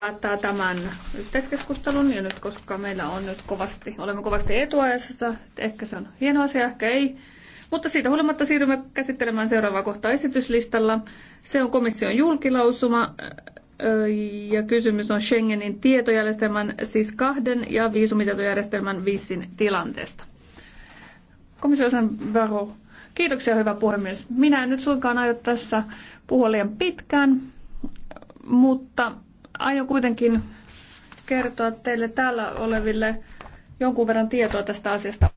päättää tämän yhteiskeskustelun ja nyt koska meillä on nyt kovasti, olemme kovasti etuajassa, ehkä se on hieno asia, ehkä ei. Mutta siitä huolimatta siirrymme käsittelemään seuraavaa kohtaa esityslistalla. Se on komission julkilausuma äh, ja kysymys on Schengenin tietojärjestelmän, siis kahden ja viisumitietojärjestelmän viisin tilanteesta. Komission Varo, kiitoksia hyvä puhemies. Minä en nyt suinkaan aio tässä puhua liian pitkään, mutta aion kuitenkin kertoa teille täällä oleville jonkun verran tietoa tästä asiasta.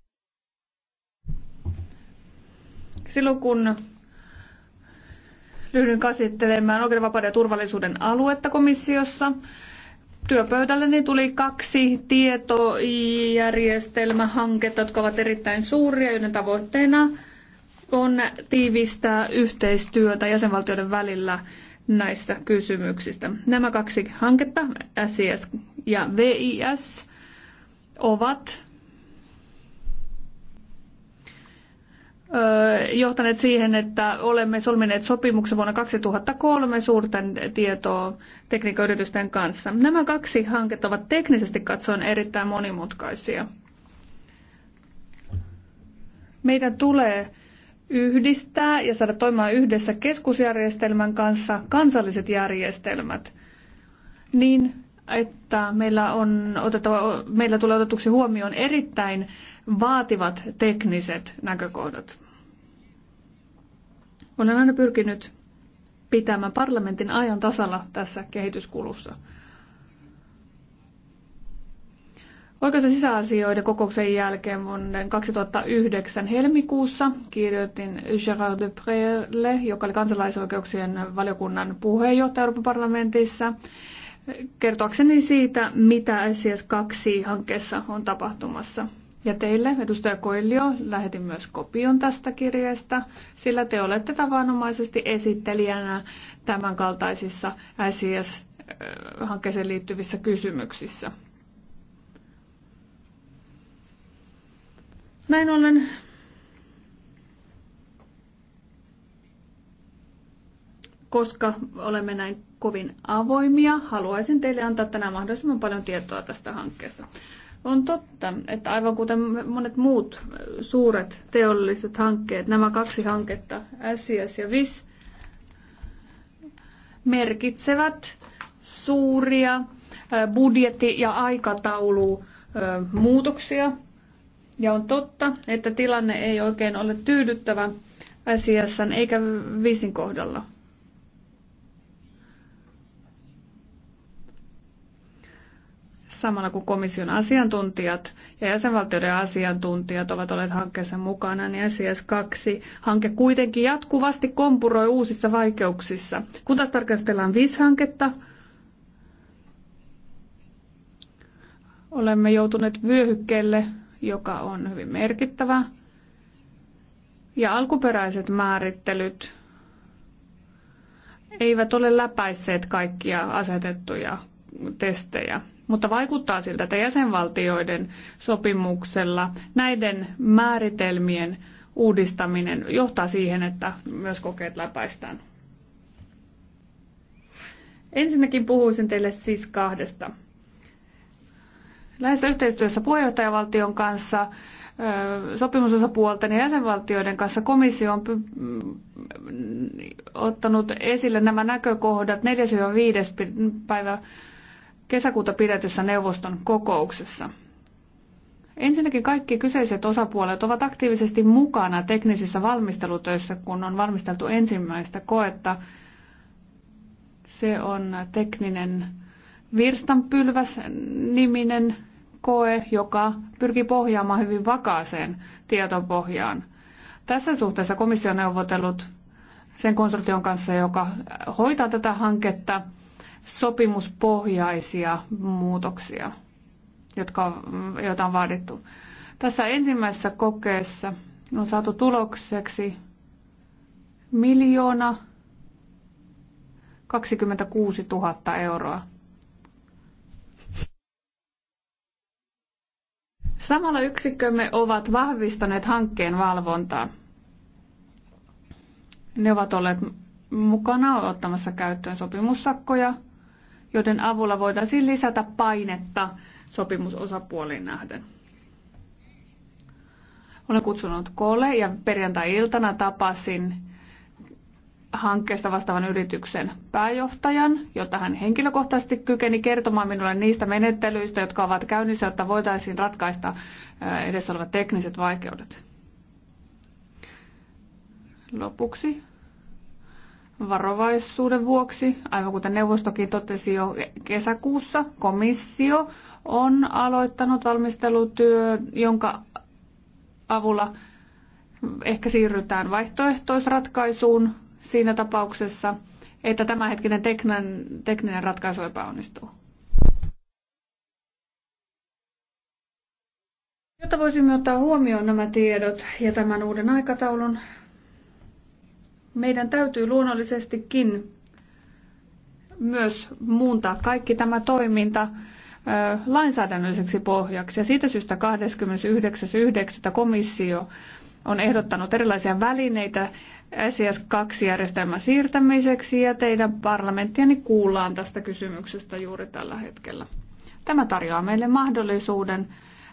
Silloin kun lyhdyn käsittelemään oikeudenvapauden ja turvallisuuden aluetta komissiossa, työpöydälleni niin tuli kaksi tietojärjestelmähanketta, jotka ovat erittäin suuria, joiden tavoitteena on tiivistää yhteistyötä jäsenvaltioiden välillä Näistä kysymyksistä. Nämä kaksi hanketta, SIS ja VIS, ovat johtaneet siihen, että olemme solmineet sopimuksen vuonna 2003 suurten tietoa tekniikkayritysten kanssa. Nämä kaksi hanketta ovat teknisesti katsoen erittäin monimutkaisia. Meidän tulee yhdistää ja saada toimimaan yhdessä keskusjärjestelmän kanssa kansalliset järjestelmät niin, että meillä, on otettava, meillä tulee otetuksi huomioon erittäin vaativat tekniset näkökohdat. Olen aina pyrkinyt pitämään parlamentin ajan tasalla tässä kehityskulussa. Oikeus- sisäasioiden kokouksen jälkeen vuoden 2009 helmikuussa kirjoitin Gérard Prelle, joka oli kansalaisoikeuksien valiokunnan puheenjohtaja Euroopan parlamentissa, kertoakseni siitä, mitä SIS-2-hankkeessa on tapahtumassa. Ja teille, edustaja Koilio, lähetin myös kopion tästä kirjeestä, sillä te olette tavanomaisesti esittelijänä tämänkaltaisissa SIS-hankkeeseen liittyvissä kysymyksissä. Näin ollen koska olemme näin kovin avoimia, haluaisin teille antaa tänään mahdollisimman paljon tietoa tästä hankkeesta. On totta, että aivan kuten monet muut suuret teolliset hankkeet, nämä kaksi hanketta, SIS ja VIS, merkitsevät suuria budjetti- ja aikataulumuutoksia ja on totta, että tilanne ei oikein ole tyydyttävä asiassa eikä viisin kohdalla. Samalla kun komission asiantuntijat ja jäsenvaltioiden asiantuntijat ovat olleet hankkeessa mukana, niin SIS-2-hanke kuitenkin jatkuvasti kompuroi uusissa vaikeuksissa. Kun taas tarkastellaan vis hanketta, olemme joutuneet vyöhykkeelle – joka on hyvin merkittävä. Ja alkuperäiset määrittelyt eivät ole läpäisseet kaikkia asetettuja testejä, mutta vaikuttaa siltä, että jäsenvaltioiden sopimuksella näiden määritelmien uudistaminen johtaa siihen, että myös kokeet läpäistään. Ensinnäkin puhuisin teille siis kahdesta läheisessä yhteistyössä puheenjohtajavaltion kanssa, sopimusosapuolten ja jäsenvaltioiden kanssa komissio on ottanut esille nämä näkökohdat 4-5. päivä kesäkuuta pidetyssä neuvoston kokouksessa. Ensinnäkin kaikki kyseiset osapuolet ovat aktiivisesti mukana teknisissä valmistelutöissä, kun on valmisteltu ensimmäistä koetta. Se on tekninen virstanpylväs niminen koe, joka pyrkii pohjaamaan hyvin vakaaseen tietopohjaan. Tässä suhteessa komissio neuvotellut sen konsortion kanssa, joka hoitaa tätä hanketta, sopimuspohjaisia muutoksia, jotka, joita on vaadittu. Tässä ensimmäisessä kokeessa on saatu tulokseksi miljoona 26 000 euroa. Samalla yksikkömme ovat vahvistaneet hankkeen valvontaa. Ne ovat olleet mukana ottamassa käyttöön sopimussakkoja, joiden avulla voitaisiin lisätä painetta sopimusosapuoliin nähden. Olen kutsunut koolle ja perjantai-iltana tapasin hankkeesta vastaavan yrityksen pääjohtajan, jotta hän henkilökohtaisesti kykeni kertomaan minulle niistä menettelyistä, jotka ovat käynnissä, jotta voitaisiin ratkaista edessä olevat tekniset vaikeudet. Lopuksi varovaisuuden vuoksi, aivan kuten neuvostokin totesi jo kesäkuussa, komissio on aloittanut valmistelutyö, jonka avulla ehkä siirrytään vaihtoehtoisratkaisuun siinä tapauksessa, että tämänhetkinen tekninen, tekninen ratkaisu epäonnistuu. Jotta voisimme ottaa huomioon nämä tiedot ja tämän uuden aikataulun, meidän täytyy luonnollisestikin myös muuntaa kaikki tämä toiminta lainsäädännölliseksi pohjaksi. Ja siitä syystä 29.9. komissio on ehdottanut erilaisia välineitä SIS-2-järjestelmän siirtämiseksi ja teidän parlamenttiani kuullaan tästä kysymyksestä juuri tällä hetkellä. Tämä tarjoaa meille mahdollisuuden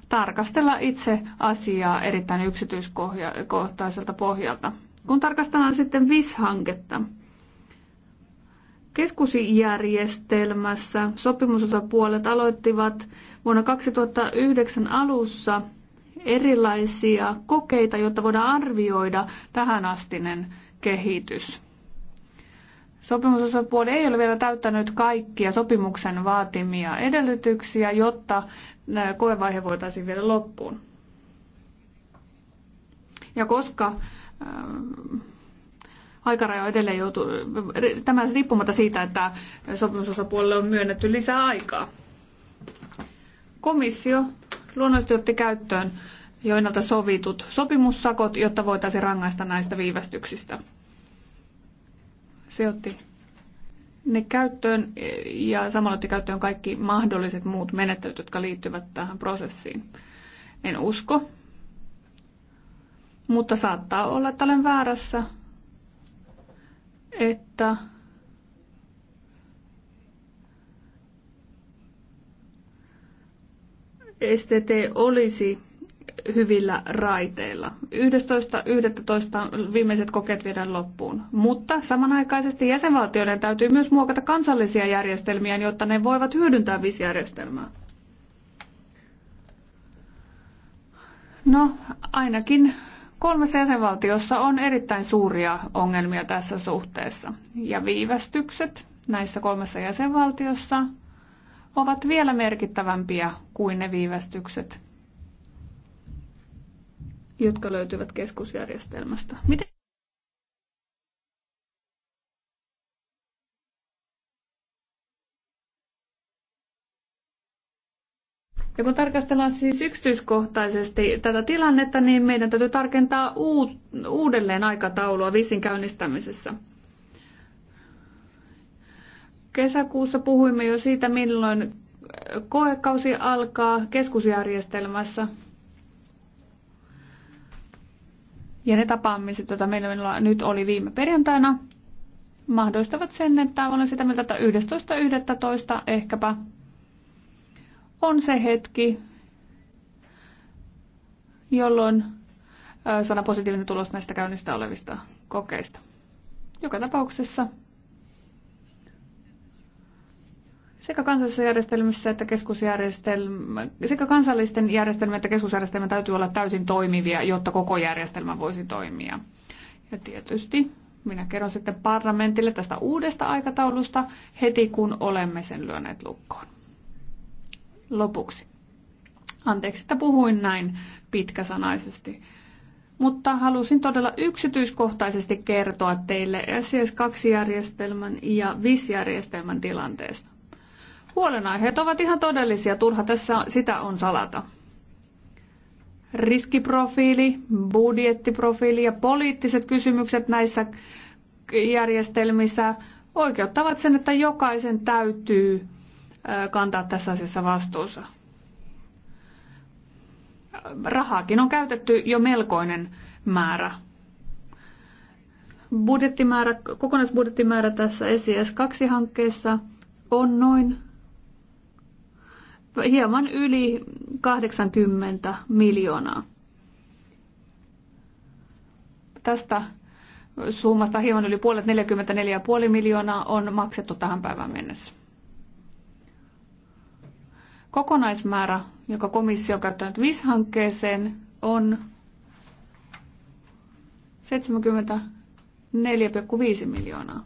tarkastella itse asiaa erittäin yksityiskohtaiselta pohjalta. Kun tarkastellaan sitten VIS-hanketta, keskusjärjestelmässä sopimusosapuolet aloittivat vuonna 2009 alussa erilaisia kokeita, jotta voidaan arvioida tähänastinen kehitys. Sopimusosapuoli ei ole vielä täyttänyt kaikkia sopimuksen vaatimia edellytyksiä, jotta koevaihe voitaisiin vielä loppuun. Ja koska ähm, aikaraja edelleen joutuu, tämä riippumatta siitä, että sopimusosapuolelle on myönnetty lisää aikaa. Komissio luonnollisesti otti käyttöön jo ennalta sovitut sopimussakot, jotta voitaisiin rangaista näistä viivästyksistä. Se otti ne käyttöön ja samalla otti käyttöön kaikki mahdolliset muut menettelyt, jotka liittyvät tähän prosessiin. En usko, mutta saattaa olla, että olen väärässä, että STT olisi hyvillä raiteilla. 11.11. viimeiset kokeet viedään loppuun. Mutta samanaikaisesti jäsenvaltioiden täytyy myös muokata kansallisia järjestelmiä, jotta ne voivat hyödyntää visjärjestelmää. No, ainakin kolmessa jäsenvaltiossa on erittäin suuria ongelmia tässä suhteessa. Ja viivästykset näissä kolmessa jäsenvaltiossa – ovat vielä merkittävämpiä kuin ne viivästykset, jotka löytyvät keskusjärjestelmästä. Miten Ja kun tarkastellaan siis yksityiskohtaisesti tätä tilannetta, niin meidän täytyy tarkentaa uudelleen aikataulua visin käynnistämisessä. Kesäkuussa puhuimme jo siitä, milloin koekausi alkaa keskusjärjestelmässä. Ja ne tapaamiset, joita meillä nyt oli viime perjantaina, mahdollistavat sen, että olen sitä mieltä, että 11.11. ehkäpä on se hetki, jolloin saadaan positiivinen tulos näistä käynnistä olevista kokeista. Joka tapauksessa sekä kansallisissa järjestelmissä että keskusjärjestelmä, sekä kansallisten järjestelmien että keskusjärjestelmän täytyy olla täysin toimivia, jotta koko järjestelmä voisi toimia. Ja tietysti minä kerron sitten parlamentille tästä uudesta aikataulusta heti, kun olemme sen lyöneet lukkoon. Lopuksi. Anteeksi, että puhuin näin pitkäsanaisesti, mutta halusin todella yksityiskohtaisesti kertoa teille SES2-järjestelmän ja VIS-järjestelmän tilanteesta. Huolenaiheet ovat ihan todellisia, turha tässä sitä on salata. Riskiprofiili, budjettiprofiili ja poliittiset kysymykset näissä järjestelmissä oikeuttavat sen, että jokaisen täytyy kantaa tässä asiassa vastuunsa. Rahaakin on käytetty jo melkoinen määrä. Budjettimäärä, kokonaisbudjettimäärä tässä SIS2-hankkeessa on noin hieman yli 80 miljoonaa. Tästä summasta hieman yli puolet 44,5 miljoonaa on maksettu tähän päivään mennessä. Kokonaismäärä, joka komissio on käyttänyt vis hankkeeseen, on 74,5 miljoonaa.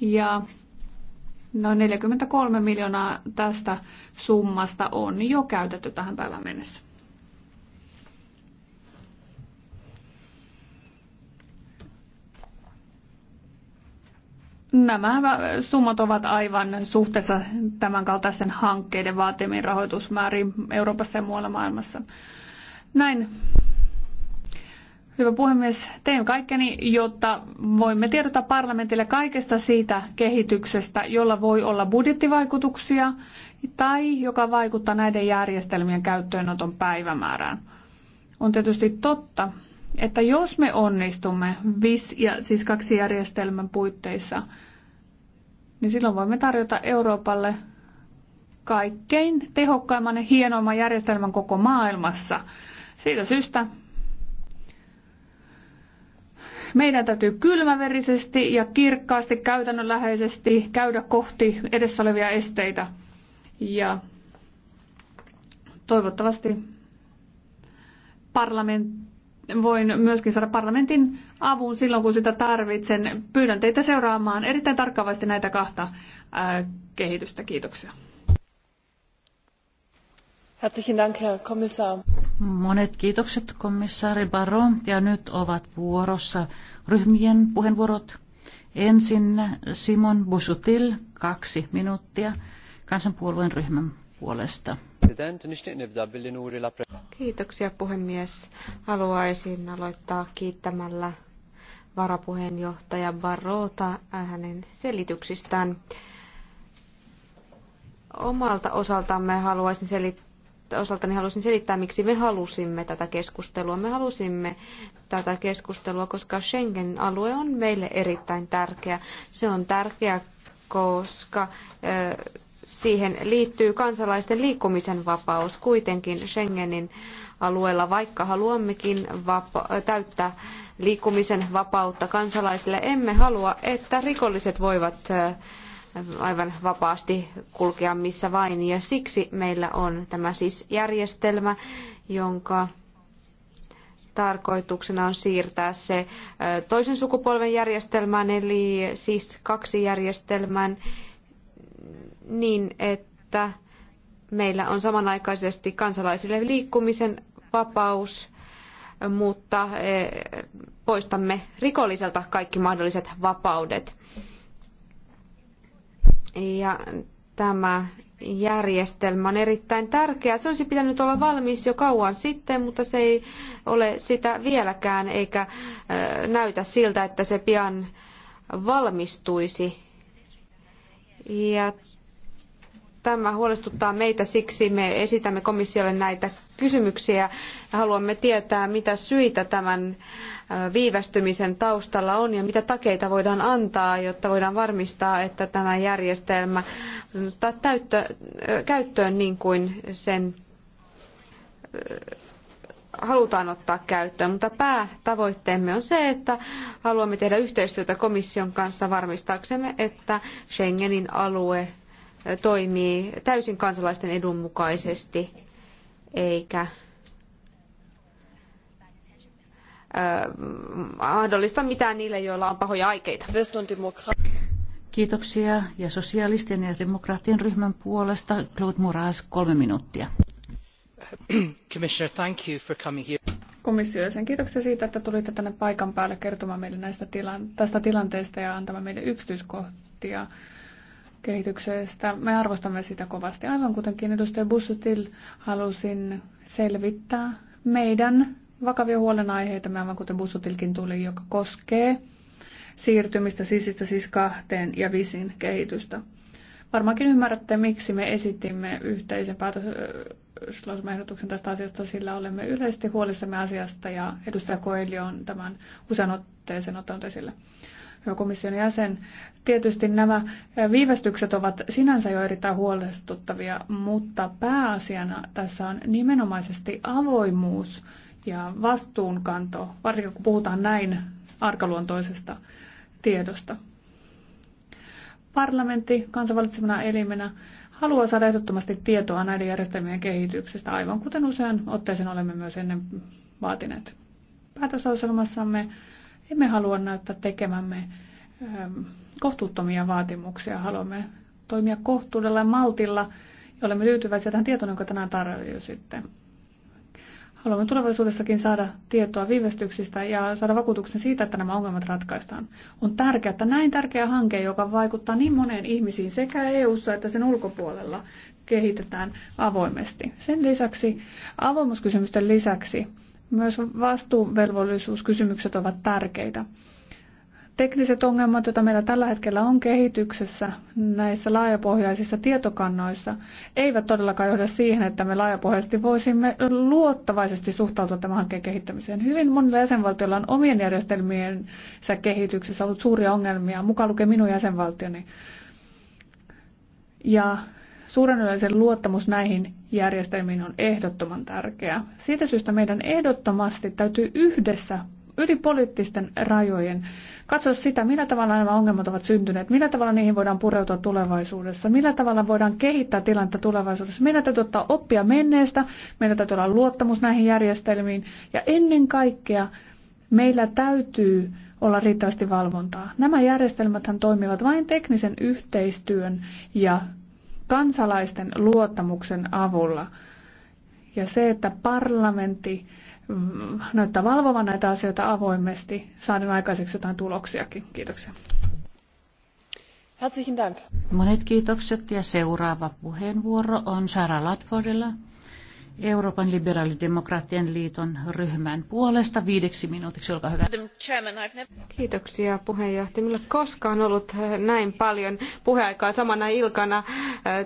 Ja Noin 43 miljoonaa tästä summasta on jo käytetty tähän päivään mennessä. Nämä summat ovat aivan suhteessa tämänkaltaisten hankkeiden vaatimiin rahoitusmääriin Euroopassa ja muualla maailmassa. Näin Hyvä puhemies, teen kaikkeni, jotta voimme tiedota parlamentille kaikesta siitä kehityksestä, jolla voi olla budjettivaikutuksia tai joka vaikuttaa näiden järjestelmien käyttöönoton päivämäärään. On tietysti totta, että jos me onnistumme VIS ja siis kaksi järjestelmän puitteissa, niin silloin voimme tarjota Euroopalle kaikkein tehokkaimman ja hienoimman järjestelmän koko maailmassa. Siitä syystä meidän täytyy kylmäverisesti ja kirkkaasti, käytännönläheisesti käydä kohti edessä olevia esteitä. Ja toivottavasti parlament, voin myöskin saada parlamentin avun silloin, kun sitä tarvitsen. Pyydän teitä seuraamaan erittäin tarkkaavasti näitä kahta kehitystä. Kiitoksia. Herzlichen Dank, Herr Kommissar. Monet kiitokset, komissaari Baro. Ja nyt ovat vuorossa ryhmien puheenvuorot. Ensin Simon Busutil, kaksi minuuttia, kansanpuolueen ryhmän puolesta. Kiitoksia puhemies. Haluaisin aloittaa kiittämällä varapuheenjohtaja Barrota hänen selityksistään. Omalta osaltamme haluaisin selittää osaltani halusin selittää, miksi me halusimme tätä keskustelua. Me halusimme tätä keskustelua, koska Schengen-alue on meille erittäin tärkeä. Se on tärkeä, koska siihen liittyy kansalaisten liikkumisen vapaus kuitenkin Schengenin alueella, vaikka haluammekin täyttää liikkumisen vapautta kansalaisille. Emme halua, että rikolliset voivat aivan vapaasti kulkea missä vain. Ja siksi meillä on tämä siis järjestelmä, jonka tarkoituksena on siirtää se toisen sukupolven järjestelmään, eli siis kaksi järjestelmään, niin että meillä on samanaikaisesti kansalaisille liikkumisen vapaus, mutta poistamme rikolliselta kaikki mahdolliset vapaudet. Ja tämä järjestelmä on erittäin tärkeä. Se olisi pitänyt olla valmis jo kauan sitten, mutta se ei ole sitä vieläkään, eikä näytä siltä, että se pian valmistuisi. Ja tämä huolestuttaa meitä, siksi me esitämme komissiolle näitä kysymyksiä ja haluamme tietää, mitä syitä tämän viivästymisen taustalla on ja mitä takeita voidaan antaa, jotta voidaan varmistaa, että tämä järjestelmä ottaa täyttö, käyttöön niin kuin sen halutaan ottaa käyttöön, mutta päätavoitteemme on se, että haluamme tehdä yhteistyötä komission kanssa varmistaaksemme, että Schengenin alue toimii täysin kansalaisten edun mukaisesti eikä Äh, mahdollista mitään niille, joilla on pahoja aikeita. Kiitoksia ja sosialistien ja demokraattien ryhmän puolesta Claude Moraes kolme minuuttia. Commissioner, thank you for coming here. Komissio sen kiitoksia siitä, että tulitte tänne paikan päälle kertomaan meille näistä tilan, tästä tilanteesta ja antamaan meille yksityiskohtia kehityksestä. Me arvostamme sitä kovasti. Aivan kuitenkin edustaja Bussutil halusin selvittää meidän vakavia huolenaiheita, aivan kuten Busutilkin tuli, joka koskee siirtymistä sisistä siis kahteen ja visin kehitystä. Varmaankin ymmärrätte, miksi me esitimme yhteisen päätöslausumehdotuksen tästä asiasta, sillä olemme yleisesti huolissamme asiasta ja edustaja Koeli on tämän usean otteeseen ottanut esille hyvä komission jäsen. Tietysti nämä viivästykset ovat sinänsä jo erittäin huolestuttavia, mutta pääasiana tässä on nimenomaisesti avoimuus ja vastuunkanto, varsinkin kun puhutaan näin arkaluontoisesta tiedosta. Parlamentti kansanvalitsemana elimenä haluaa saada ehdottomasti tietoa näiden järjestelmien kehityksestä, aivan kuten usean otteeseen olemme myös ennen vaatineet. Päätösohjelmassamme emme halua näyttää tekemämme ähm, kohtuuttomia vaatimuksia. Haluamme toimia kohtuudella ja maltilla ja olemme tyytyväisiä tähän tietoon, jonka tänään tarjositte. sitten. Haluamme tulevaisuudessakin saada tietoa viivästyksistä ja saada vakuutuksen siitä, että nämä ongelmat ratkaistaan. On tärkeää, että näin tärkeä hanke, joka vaikuttaa niin moneen ihmisiin sekä EU-ssa että sen ulkopuolella, kehitetään avoimesti. Sen lisäksi avoimuuskysymysten lisäksi myös vastuuvelvollisuuskysymykset ovat tärkeitä tekniset ongelmat, joita meillä tällä hetkellä on kehityksessä näissä laajapohjaisissa tietokannoissa, eivät todellakaan johda siihen, että me laajapohjaisesti voisimme luottavaisesti suhtautua tämän hankkeen kehittämiseen. Hyvin monilla jäsenvaltioilla on omien järjestelmiensä kehityksessä ollut suuria ongelmia, mukaan lukee minun jäsenvaltioni. Ja suuren yleisen luottamus näihin järjestelmiin on ehdottoman tärkeää. Siitä syystä meidän ehdottomasti täytyy yhdessä yli poliittisten rajojen, katsoa sitä, millä tavalla nämä ongelmat ovat syntyneet, millä tavalla niihin voidaan pureutua tulevaisuudessa, millä tavalla voidaan kehittää tilannetta tulevaisuudessa. Meidän täytyy ottaa oppia menneestä, meidän täytyy olla luottamus näihin järjestelmiin ja ennen kaikkea meillä täytyy olla riittävästi valvontaa. Nämä järjestelmät toimivat vain teknisen yhteistyön ja kansalaisten luottamuksen avulla. Ja se, että parlamentti näyttää valvovan näitä asioita avoimesti, saaden aikaiseksi jotain tuloksiakin. Kiitoksia. Herzlichen Dank. Monet kiitokset ja seuraava puheenvuoro on Sara Latfordilla. Euroopan liberaalidemokraattien liiton ryhmän puolesta viideksi minuutiksi. Olkaa hyvä. Kiitoksia puheenjohtaja. Minulla koskaan ollut näin paljon puheaikaa samana ilkana äh,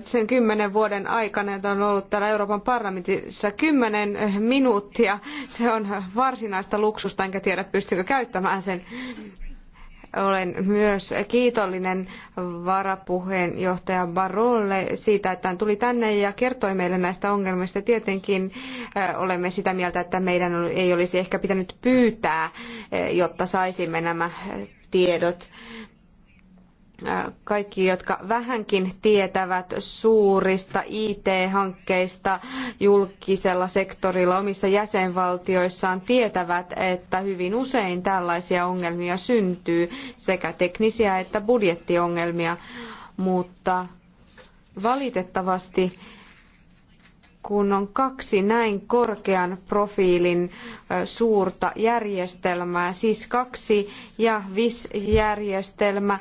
sen kymmenen vuoden aikana, että on ollut täällä Euroopan parlamentissa. Kymmenen minuuttia. Se on varsinaista luksusta, enkä tiedä pystykö käyttämään sen. Olen myös kiitollinen varapuheenjohtaja Barolle siitä, että hän tuli tänne ja kertoi meille näistä ongelmista. Tietenkin äh, olemme sitä mieltä, että meidän ei olisi ehkä pitänyt pyytää, äh, jotta saisimme nämä tiedot kaikki, jotka vähänkin tietävät suurista IT-hankkeista julkisella sektorilla omissa jäsenvaltioissaan, tietävät, että hyvin usein tällaisia ongelmia syntyy, sekä teknisiä että budjettiongelmia, mutta valitettavasti kun on kaksi näin korkean profiilin suurta järjestelmää, siis kaksi ja VIS-järjestelmä,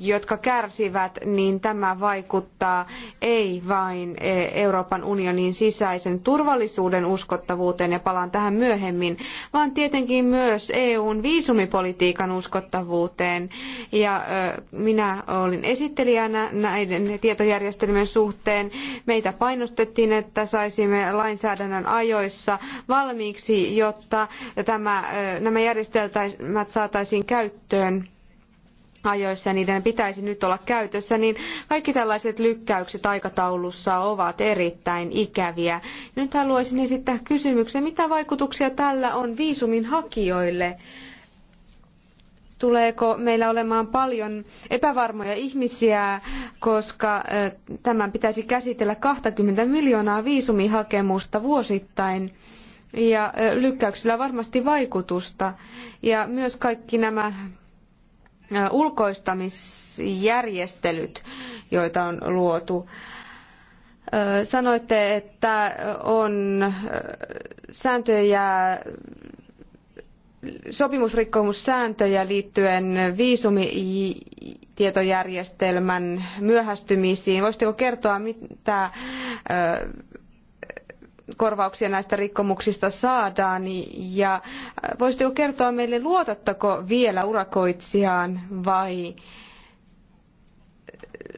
jotka kärsivät, niin tämä vaikuttaa ei vain e, Euroopan unionin sisäisen turvallisuuden uskottavuuteen, ja palaan tähän myöhemmin, vaan tietenkin myös EUn viisumipolitiikan uskottavuuteen. Ja minä olin esittelijänä näiden tietojärjestelmien suhteen. Meitä painostettiin, että saisimme lainsäädännön ajoissa valmiiksi, jotta tämä, nämä järjestelmät saataisiin käyttöön ajoissa ja niiden pitäisi nyt olla käytössä, niin kaikki tällaiset lykkäykset aikataulussa ovat erittäin ikäviä. Nyt haluaisin esittää kysymyksen, mitä vaikutuksia tällä on viisumin hakijoille? Tuleeko meillä olemaan paljon epävarmoja ihmisiä, koska tämän pitäisi käsitellä 20 miljoonaa viisumihakemusta vuosittain? ja lykkäyksillä varmasti vaikutusta. Ja myös kaikki nämä ulkoistamisjärjestelyt, joita on luotu. Sanoitte, että on sääntöjä sopimusrikkomussääntöjä liittyen viisumitietojärjestelmän myöhästymisiin. Voisitteko kertoa, mitä korvauksia näistä rikkomuksista saadaan. Ja äh, voisitteko kertoa meille, luotatteko vielä urakoitsijaan vai äh,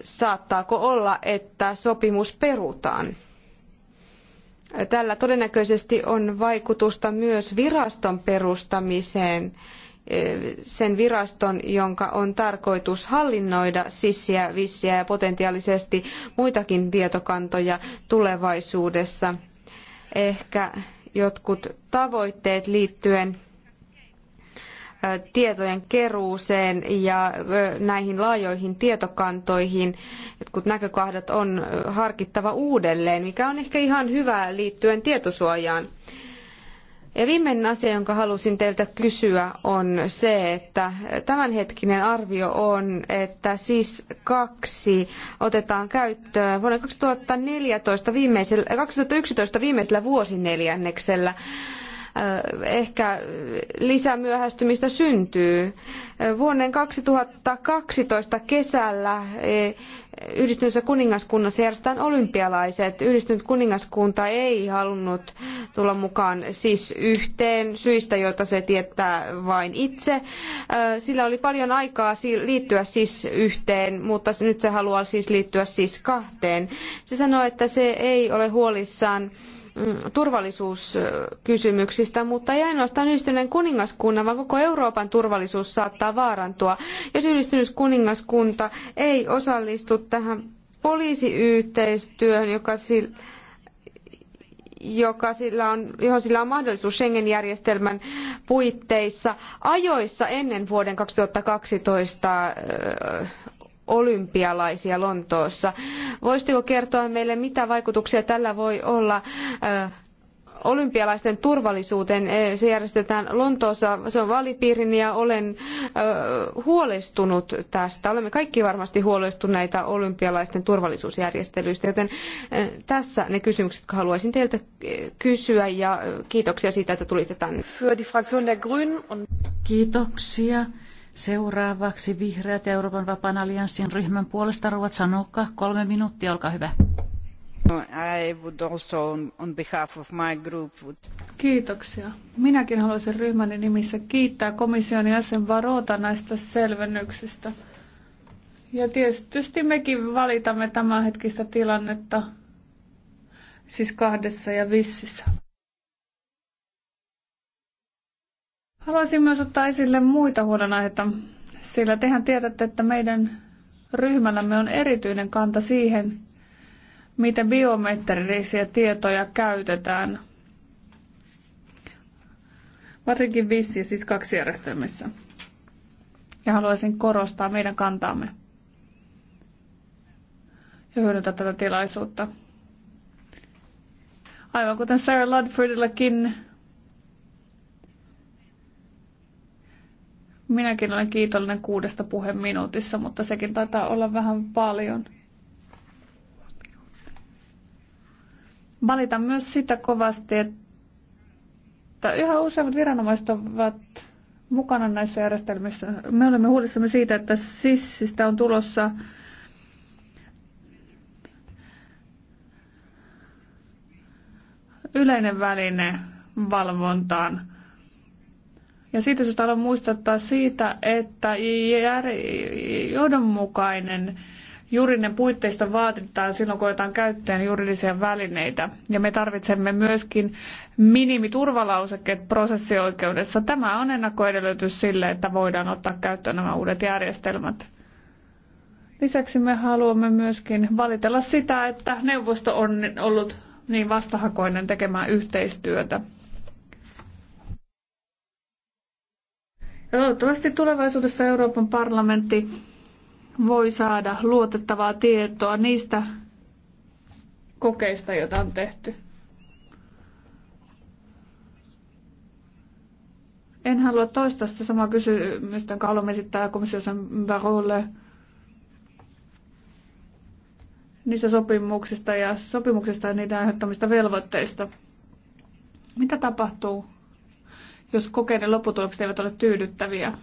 saattaako olla, että sopimus perutaan? Tällä todennäköisesti on vaikutusta myös viraston perustamiseen, äh, sen viraston, jonka on tarkoitus hallinnoida sissiä, vissiä ja potentiaalisesti muitakin tietokantoja tulevaisuudessa ehkä jotkut tavoitteet liittyen tietojen keruuseen ja näihin laajoihin tietokantoihin. Jotkut näkökohdat on harkittava uudelleen, mikä on ehkä ihan hyvä liittyen tietosuojaan. Ja viimeinen asia, jonka halusin teiltä kysyä, on se, että tämänhetkinen arvio on, että siis kaksi otetaan käyttöön vuoden 2014 viimeisellä, 2011 viimeisellä vuosineljänneksellä. Äh, ehkä lisämyöhästymistä syntyy. Äh, vuoden 2012 kesällä eh, yhdistyneessä kuningaskunnassa järjestetään olympialaiset. Yhdistynyt kuningaskunta ei halunnut tulla mukaan siis yhteen syistä, joita se tietää vain itse. Äh, sillä oli paljon aikaa liittyä siis yhteen, mutta nyt se haluaa siis liittyä siis kahteen. Se sanoo, että se ei ole huolissaan Mm, turvallisuuskysymyksistä, mutta ei ainoastaan yhdistyneen kuningaskunnan, vaan koko Euroopan turvallisuus saattaa vaarantua, jos yhdistynyt kuningaskunta ei osallistu tähän poliisiyhteistyöhön, joka sil, joka sillä on, johon sillä on mahdollisuus Schengen-järjestelmän puitteissa ajoissa ennen vuoden 2012 öö, olympialaisia Lontoossa. Voisitko kertoa meille, mitä vaikutuksia tällä voi olla olympialaisten turvallisuuteen? E, se järjestetään Lontoossa, se on vaalipiirini ja olen huolestunut tästä. Olemme kaikki varmasti huolestuneita olympialaisten turvallisuusjärjestelyistä, joten tässä ne kysymykset, jotka haluaisin teiltä kysyä ja kiitoksia siitä, että tulitte tänne. Kiitoksia. Seuraavaksi vihreät ja Euroopan vapaan allianssin ryhmän puolesta ruvat sanokaa kolme minuuttia, olkaa hyvä. Kiitoksia. Minäkin haluaisin ryhmäni nimissä kiittää komission jäsen Varota näistä selvennyksistä. Ja tietysti mekin valitamme tämänhetkistä tilannetta, siis kahdessa ja vississä. Haluaisin myös ottaa esille muita huolenaiheita, sillä tehän tiedätte, että meidän ryhmällämme on erityinen kanta siihen, miten biometrisiä tietoja käytetään, varsinkin vissi siis kaksi järjestelmissä. Ja haluaisin korostaa meidän kantaamme ja hyödyntää tätä tilaisuutta. Aivan kuten Sarah Ludfordillakin Minäkin olen kiitollinen kuudesta puheen minuutissa, mutta sekin taitaa olla vähän paljon. Valitan myös sitä kovasti, että yhä useammat viranomaiset ovat mukana näissä järjestelmissä. Me olemme huolissamme siitä, että sissistä on tulossa yleinen väline valvontaan ja siitä syystä haluan muistuttaa siitä, että johdonmukainen juridinen puitteisto vaatitaan silloin, kun otetaan käyttöön juridisia välineitä. Ja me tarvitsemme myöskin minimiturvalausekkeet prosessioikeudessa. Tämä on ennakkoedellytys sille, että voidaan ottaa käyttöön nämä uudet järjestelmät. Lisäksi me haluamme myöskin valitella sitä, että neuvosto on ollut niin vastahakoinen tekemään yhteistyötä Toivottavasti tulevaisuudessa Euroopan parlamentti voi saada luotettavaa tietoa niistä kokeista, joita on tehty. En halua toistaa sitä samaa kysymystä, jonka haluamme esittää komissiosen Barolle niistä sopimuksista ja sopimuksista ja niiden aiheuttamista velvoitteista. Mitä tapahtuu, jos kokeiden lopputulokset eivät ole tyydyttäviä.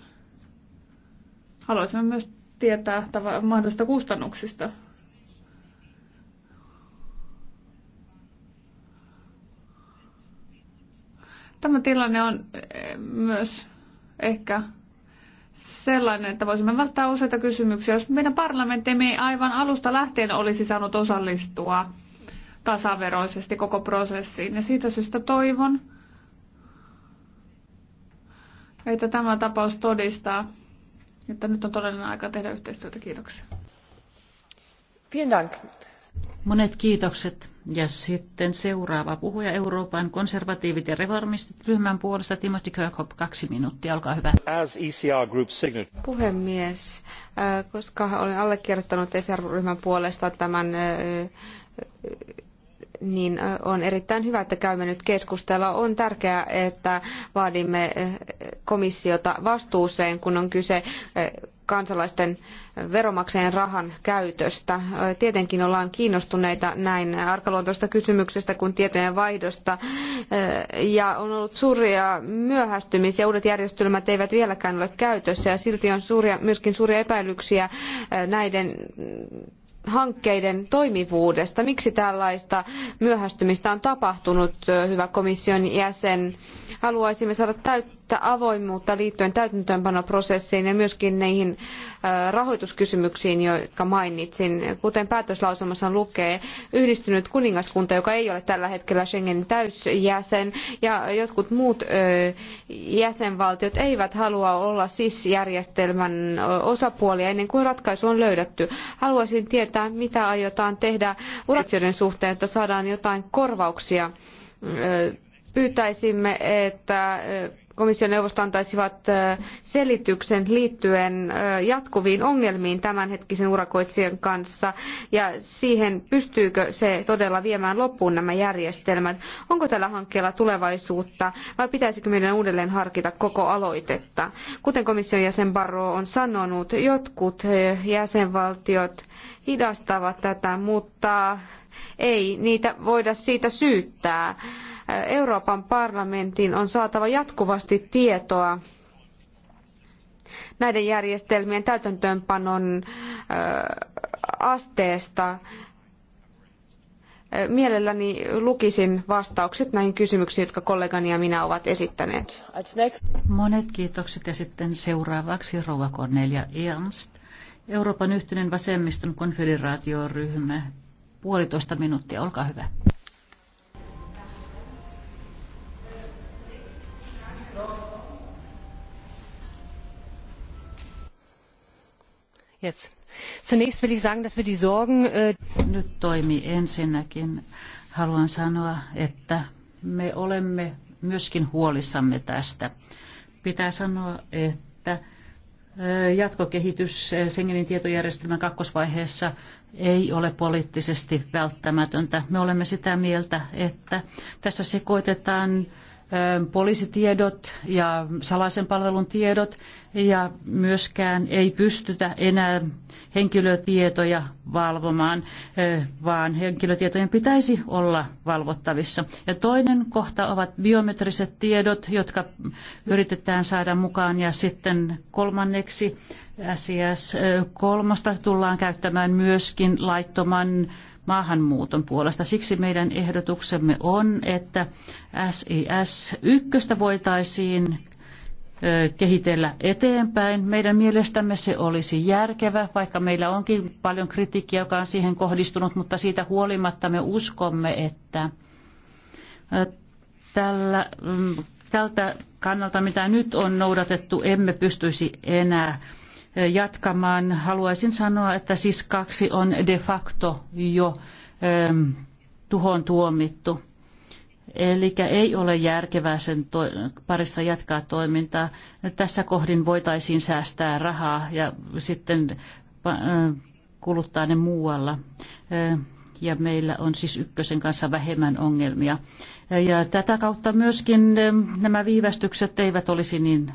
Haluaisimme myös tietää mahdollisista kustannuksista. Tämä tilanne on eh, myös ehkä sellainen, että voisimme välttää useita kysymyksiä, jos meidän parlamenttimme ei aivan alusta lähtien olisi saanut osallistua tasaveroisesti koko prosessiin. Ja siitä syystä toivon, että tämä tapaus todistaa, että nyt on todellinen aika tehdä yhteistyötä. Kiitoksia. Dank. Monet kiitokset. Ja sitten seuraava puhuja Euroopan konservatiivit ja reformistit ryhmän puolesta Timothy Kirkhope, kaksi minuuttia, olkaa hyvä. As ECR group signal... Puhemies, äh, koska olen allekirjoittanut ECR-ryhmän puolesta tämän äh, niin on erittäin hyvä, että käymme nyt keskustella. On tärkeää, että vaadimme komissiota vastuuseen, kun on kyse kansalaisten veromaksajien rahan käytöstä. Tietenkin ollaan kiinnostuneita näin arkaluontoista kysymyksestä kuin tietojen vaihdosta. Ja on ollut suuria myöhästymisiä. Uudet järjestelmät eivät vieläkään ole käytössä ja silti on suuria, myöskin suuria epäilyksiä näiden hankkeiden toimivuudesta. Miksi tällaista myöhästymistä on tapahtunut, hyvä komission jäsen? Haluaisimme saada täyttä lisäämättä avoimuutta liittyen täytäntöönpanoprosessiin ja myöskin niihin rahoituskysymyksiin, jotka mainitsin. Kuten päätöslauselmassa lukee, yhdistynyt kuningaskunta, joka ei ole tällä hetkellä Schengenin täysjäsen, ja jotkut muut jäsenvaltiot eivät halua olla SIS-järjestelmän osapuolia ennen kuin ratkaisu on löydetty. Haluaisin tietää, mitä aiotaan tehdä urakoiden suhteen, jotta saadaan jotain korvauksia pyytäisimme, että komission neuvosto antaisivat selityksen liittyen jatkuviin ongelmiin tämänhetkisen urakoitsijan kanssa ja siihen, pystyykö se todella viemään loppuun nämä järjestelmät. Onko tällä hankkeella tulevaisuutta vai pitäisikö meidän uudelleen harkita koko aloitetta? Kuten komission jäsen Barro on sanonut, jotkut jäsenvaltiot hidastavat tätä, mutta ei niitä voida siitä syyttää Euroopan parlamentin on saatava jatkuvasti tietoa näiden järjestelmien täytäntöönpanon asteesta. Mielelläni lukisin vastaukset näihin kysymyksiin, jotka kollegani ja minä ovat esittäneet. Monet kiitokset ja sitten seuraavaksi Rova Cornelia Ernst. Euroopan yhteinen vasemmiston konfederaatioryhmä. Puolitoista minuuttia, olkaa hyvä. Zunächst will ich sagen, dass wir die Sorgen... Äh, Nyt toimi ensinnäkin. Haluan sanoa, että me olemme myöskin huolissamme tästä. Pitää sanoa, että äh, jatkokehitys äh, Schengenin tietojärjestelmän kakkosvaiheessa ei ole poliittisesti välttämätöntä. Me olemme sitä mieltä, että tässä sekoitetaan poliisitiedot ja salaisen palvelun tiedot ja myöskään ei pystytä enää henkilötietoja valvomaan, vaan henkilötietojen pitäisi olla valvottavissa. Ja toinen kohta ovat biometriset tiedot, jotka yritetään saada mukaan ja sitten kolmanneksi SIS kolmosta tullaan käyttämään myöskin laittoman maahanmuuton puolesta. Siksi meidän ehdotuksemme on, että SIS 1 voitaisiin kehitellä eteenpäin. Meidän mielestämme se olisi järkevä, vaikka meillä onkin paljon kritiikkiä, joka on siihen kohdistunut, mutta siitä huolimatta me uskomme, että tällä, mm, tältä kannalta, mitä nyt on noudatettu, emme pystyisi enää jatkamaan. Haluaisin sanoa, että siis kaksi on de facto jo ähm, tuhon tuomittu. Eli ei ole järkevää sen parissa jatkaa toimintaa. Tässä kohdin voitaisiin säästää rahaa ja sitten äh, kuluttaa ne muualla. Äh, ja meillä on siis ykkösen kanssa vähemmän ongelmia. Äh, ja tätä kautta myöskin nämä viivästykset eivät olisi niin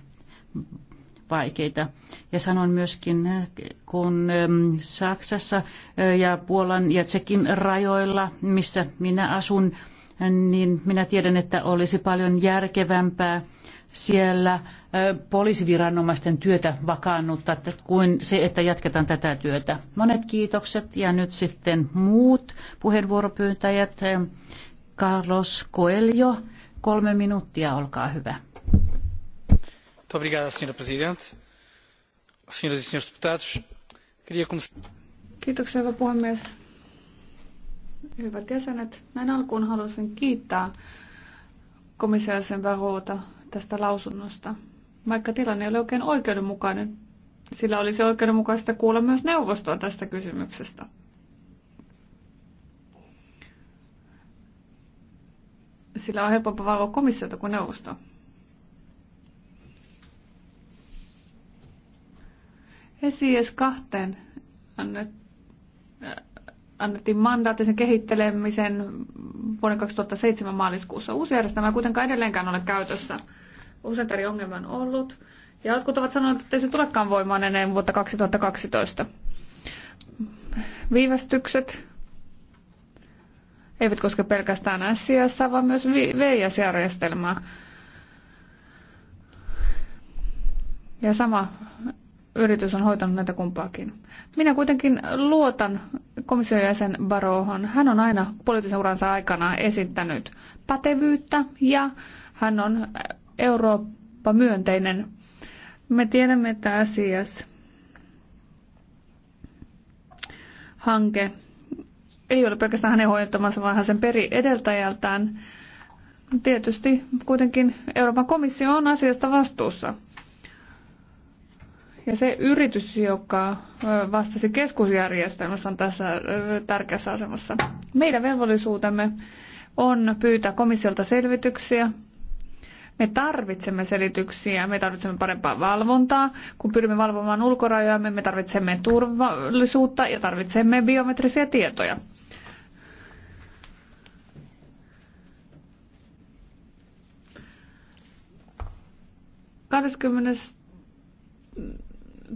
vaikeita. Ja sanon myöskin, kun ähm, Saksassa äh, ja Puolan ja Tsekin rajoilla, missä minä asun, äh, niin minä tiedän, että olisi paljon järkevämpää siellä äh, poliisiviranomaisten työtä vakaannuttaa kuin se, että jatketaan tätä työtä. Monet kiitokset ja nyt sitten muut puheenvuoropyyntäjät. Carlos Coelho, kolme minuuttia, olkaa hyvä. Senhora Presidente. Senhoras e senhores deputados, queria começar... puhemies. Hyvät jäsenet, näin alkuun haluaisin kiittää komissiaisen Varota tästä lausunnosta. Vaikka tilanne ei ole oikein oikeudenmukainen, sillä olisi oikeudenmukaista kuulla myös neuvostoa tästä kysymyksestä. Sillä on helpompaa valvoa komissiota kuin neuvostoa. cs 2 äh, annettiin mandaatti sen kehittelemisen vuoden 2007 maaliskuussa. Uusi järjestelmä ei kuitenkaan edelleenkään ole käytössä. Usein eri ongelma on ollut. Ja jotkut ovat sanoneet, että ei se tulekaan voimaan ennen vuotta 2012. Viivästykset eivät koske pelkästään SCS, vaan myös VIS-järjestelmää. Ja sama yritys on hoitanut näitä kumpaakin. Minä kuitenkin luotan komission jäsen Barohon. Hän on aina poliittisen uransa aikana esittänyt pätevyyttä ja hän on Eurooppa-myönteinen. Me tiedämme, että asias hanke ei ole pelkästään hänen hoitamansa, vaan sen peri edeltäjältään. Tietysti kuitenkin Euroopan komissio on asiasta vastuussa. Ja se yritys, joka vastasi keskusjärjestelmässä, on tässä tärkeässä asemassa. Meidän velvollisuutemme on pyytää komissiolta selvityksiä. Me tarvitsemme selityksiä, me tarvitsemme parempaa valvontaa. Kun pyrimme valvomaan ulkorajojamme, me tarvitsemme turvallisuutta ja tarvitsemme biometrisiä tietoja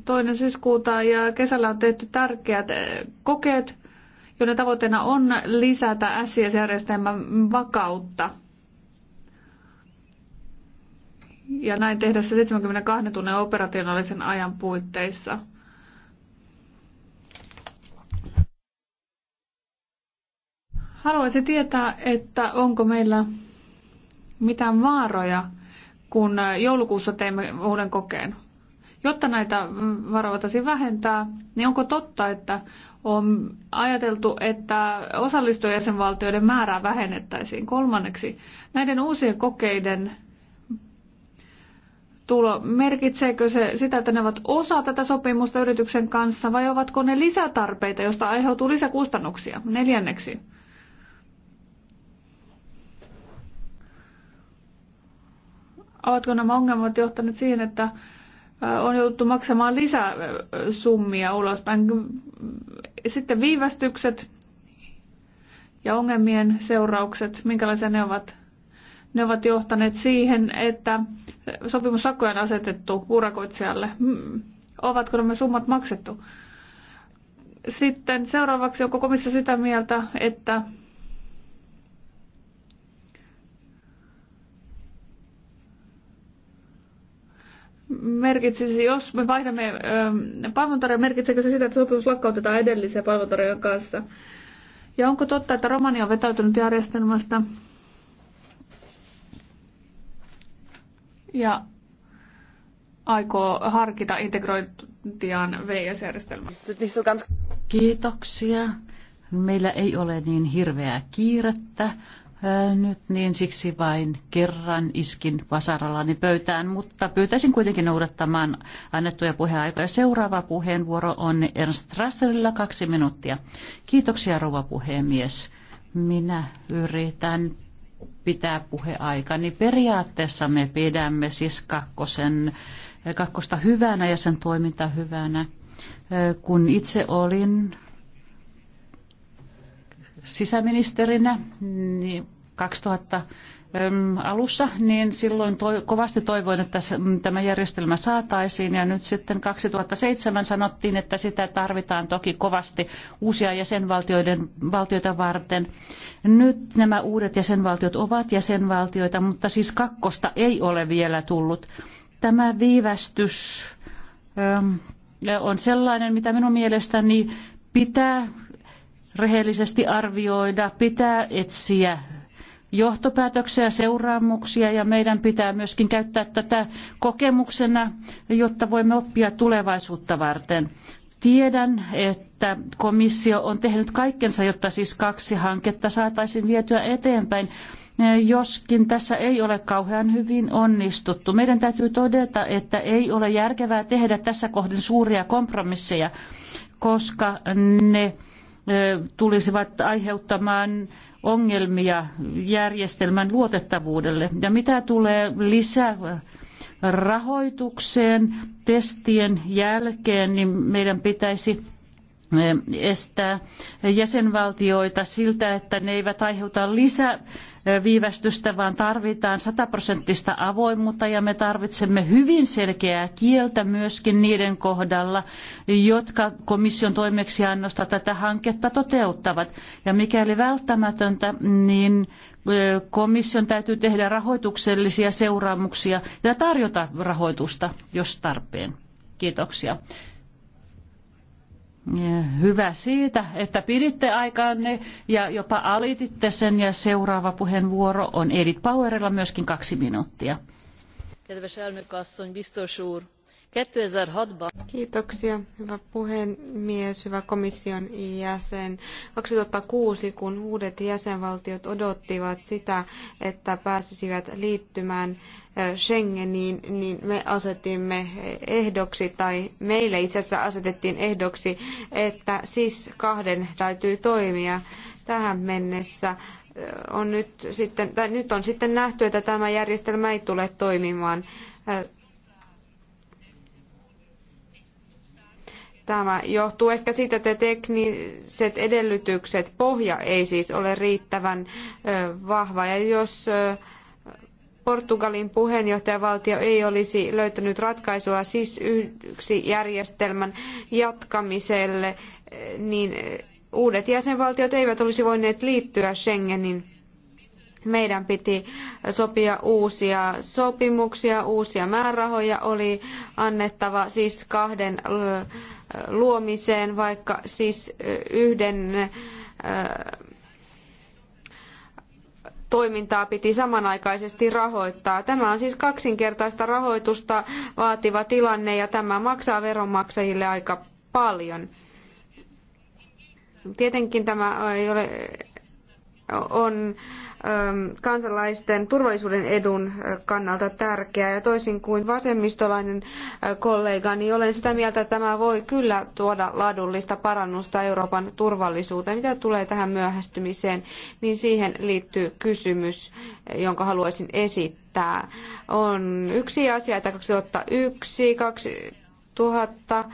toinen syyskuuta ja kesällä on tehty tärkeät eh, kokeet, joiden tavoitteena on lisätä SIS-järjestelmän vakautta. Ja näin tehdä se 72 tunnin operationaalisen ajan puitteissa. Haluaisin tietää, että onko meillä mitään vaaroja, kun joulukuussa teemme uuden kokeen. Jotta näitä mm, varoja voitaisiin vähentää, niin onko totta, että on ajateltu, että osallistujajäsenvaltioiden määrää vähennettäisiin. Kolmanneksi, näiden uusien kokeiden tulo, merkitseekö se sitä, että ne ovat osa tätä sopimusta yrityksen kanssa vai ovatko ne lisätarpeita, josta aiheutuu lisäkustannuksia? Neljänneksi, ovatko nämä ongelmat johtaneet siihen, että on jouduttu maksamaan lisäsummia ulospäin. Sitten viivästykset ja ongelmien seuraukset, minkälaisia ne ovat. Ne ovat johtaneet siihen, että sopimussakkoja on asetettu urakoitsijalle. Ovatko nämä summat maksettu? Sitten seuraavaksi onko komissio sitä mieltä, että merkitsisi, jos me vaihdamme ähm, palveluntarjoajan, merkitseekö se sitä, että sopimus lakkautetaan edellisen palveluntarjoajan kanssa? Ja onko totta, että Romania on vetäytynyt järjestelmästä? Ja aikoo harkita integrointiaan vs järjestelmään Kiitoksia. Meillä ei ole niin hirveää kiirettä, Äh, nyt, niin siksi vain kerran iskin vasarallani pöytään, mutta pyytäisin kuitenkin noudattamaan annettuja puheaikoja. Seuraava puheenvuoro on Ernst Rasselilla kaksi minuuttia. Kiitoksia rouva puhemies. Minä yritän pitää puheaika, niin periaatteessa me pidämme siis kakkosen, äh, kakkosta hyvänä ja sen toiminta hyvänä. Äh, kun itse olin sisäministerinä niin 2000 ähm, alussa, niin silloin toi, kovasti toivoin, että mm, tämä järjestelmä saataisiin. Ja nyt sitten 2007 sanottiin, että sitä tarvitaan toki kovasti uusia jäsenvaltioiden valtioita varten. Nyt nämä uudet jäsenvaltiot ovat jäsenvaltioita, mutta siis kakkosta ei ole vielä tullut. Tämä viivästys ähm, on sellainen, mitä minun mielestäni pitää rehellisesti arvioida, pitää etsiä johtopäätöksiä, seuraamuksia ja meidän pitää myöskin käyttää tätä kokemuksena, jotta voimme oppia tulevaisuutta varten. Tiedän, että komissio on tehnyt kaikkensa, jotta siis kaksi hanketta saataisiin vietyä eteenpäin, joskin tässä ei ole kauhean hyvin onnistuttu. Meidän täytyy todeta, että ei ole järkevää tehdä tässä kohdin suuria kompromisseja, koska ne tulisivat aiheuttamaan ongelmia järjestelmän luotettavuudelle. Ja mitä tulee lisärahoitukseen testien jälkeen, niin meidän pitäisi estää jäsenvaltioita siltä, että ne eivät aiheuta lisäviivästystä, vaan tarvitaan sataprosenttista avoimuutta ja me tarvitsemme hyvin selkeää kieltä myöskin niiden kohdalla, jotka komission toimeksiannosta tätä hanketta toteuttavat. Ja mikäli välttämätöntä, niin komission täytyy tehdä rahoituksellisia seuraamuksia ja tarjota rahoitusta, jos tarpeen. Kiitoksia. Hyvä siitä, että piditte aikaanne ja jopa alititte sen ja seuraava puheenvuoro on Edith Powerilla myöskin kaksi minuuttia. Kedves Kiitoksia, hyvä puhemies, hyvä komission jäsen. 2006, kun uudet jäsenvaltiot odottivat sitä, että pääsisivät liittymään Schengeniin, niin me asetimme ehdoksi, tai meille itse asiassa asetettiin ehdoksi, että siis kahden täytyy toimia tähän mennessä on nyt sitten, tai nyt on sitten nähty, että tämä järjestelmä ei tule toimimaan. Tämä johtuu ehkä siitä, että tekniset edellytykset, pohja ei siis ole riittävän vahva. Ja jos Portugalin puheenjohtajavaltio ei olisi löytänyt ratkaisua siis yksi järjestelmän jatkamiselle, niin uudet jäsenvaltiot eivät olisi voineet liittyä Schengenin. Meidän piti sopia uusia sopimuksia, uusia määrärahoja oli annettava siis kahden luomiseen, vaikka siis yhden toimintaa piti samanaikaisesti rahoittaa. Tämä on siis kaksinkertaista rahoitusta vaativa tilanne ja tämä maksaa veronmaksajille aika paljon. Tietenkin tämä ei ole on ähm, kansalaisten turvallisuuden edun äh, kannalta tärkeää. Ja toisin kuin vasemmistolainen äh, kollega, niin olen sitä mieltä, että tämä voi kyllä tuoda laadullista parannusta Euroopan turvallisuuteen. Mitä tulee tähän myöhästymiseen, niin siihen liittyy kysymys, äh, jonka haluaisin esittää. On yksi asia, että 2001, 2000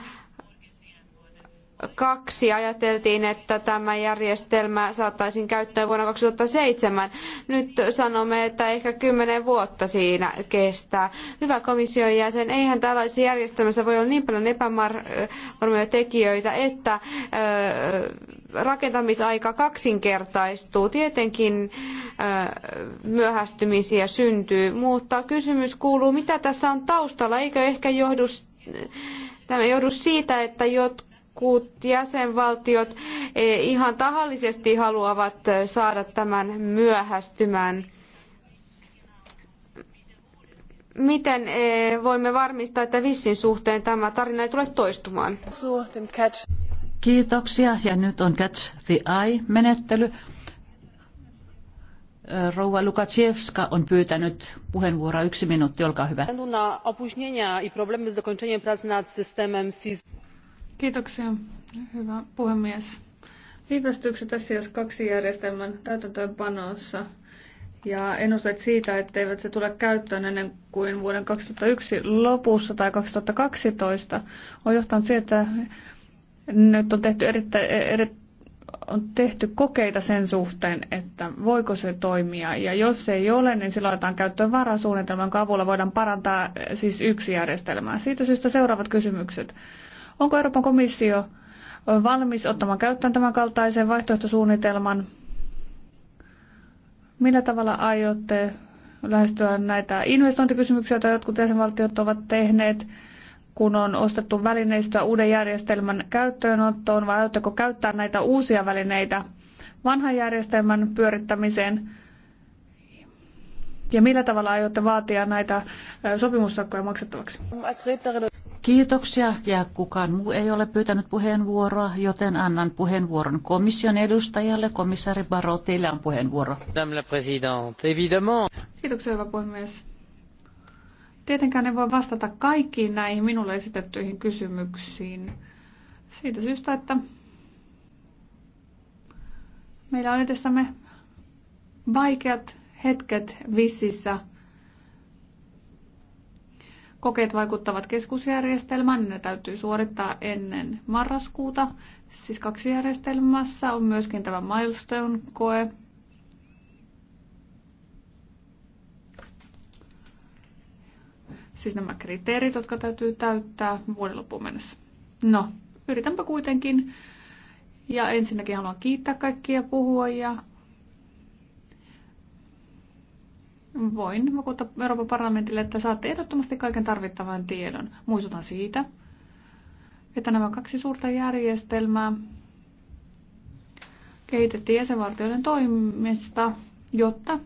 kaksi ajateltiin, että tämä järjestelmä saataisiin käyttöön vuonna 2007. Nyt sanomme, että ehkä kymmenen vuotta siinä kestää. Hyvä komission jäsen, eihän tällaisessa järjestelmässä voi olla niin paljon epävarmoja tekijöitä, että rakentamisaika kaksinkertaistuu. Tietenkin myöhästymisiä syntyy, mutta kysymys kuuluu, mitä tässä on taustalla? Eikö ehkä johdu Tämä johdu siitä, että jotkut jotkut jäsenvaltiot eh, ihan tahallisesti haluavat eh, saada tämän myöhästymään. Miten eh, voimme varmistaa, että Vissin suhteen tämä tarina ei tule toistumaan? Kiitoksia. Ja nyt on Catch the Eye-menettely. Rouva Lukaczewska on pyytänyt puheenvuoroa yksi minuutti, olkaa hyvä. Kiitoksia, hyvä puhemies. Viivästykset SIS-2 järjestelmän täytäntöönpanossa ja ennusteet siitä, etteivät se tule käyttöön ennen kuin vuoden 2001 lopussa tai 2012 on johtanut siihen, että nyt on tehty, erittä, eri, on tehty kokeita sen suhteen, että voiko se toimia. Ja jos se ei ole, niin silloin otetaan käyttöön varasuunnitelma, jonka avulla voidaan parantaa siis yksi järjestelmää. Siitä syystä seuraavat kysymykset. Onko Euroopan komissio valmis ottamaan käyttöön tämän kaltaisen vaihtoehtosuunnitelman? Millä tavalla aiotte lähestyä näitä investointikysymyksiä, joita jotkut jäsenvaltiot ovat tehneet, kun on ostettu välineistöä uuden järjestelmän käyttöönottoon, vai aiotteko käyttää näitä uusia välineitä vanhan järjestelmän pyörittämiseen? Ja millä tavalla aiotte vaatia näitä sopimussakkoja maksettavaksi? Kiitoksia ja kukaan muu ei ole pyytänyt puheenvuoroa, joten annan puheenvuoron komission edustajalle. Komissaari Baro, teillä on puheenvuoro. Kiitoksia, hyvä puhemies. Tietenkään en voi vastata kaikkiin näihin minulle esitettyihin kysymyksiin siitä syystä, että meillä on edessämme vaikeat hetket vississä – Kokeet vaikuttavat keskusjärjestelmään, niin ne täytyy suorittaa ennen marraskuuta. Siis kaksi järjestelmässä on myöskin tämä milestone-koe. Siis nämä kriteerit, jotka täytyy täyttää vuoden loppuun mennessä. No, yritänpä kuitenkin. Ja ensinnäkin haluan kiittää kaikkia puhujia Voin vakuuttaa Euroopan parlamentille, että saatte ehdottomasti kaiken tarvittavan tiedon. Muistutan siitä, että nämä kaksi suurta järjestelmää kehitettiin jäsenvaltioiden toimesta, jotta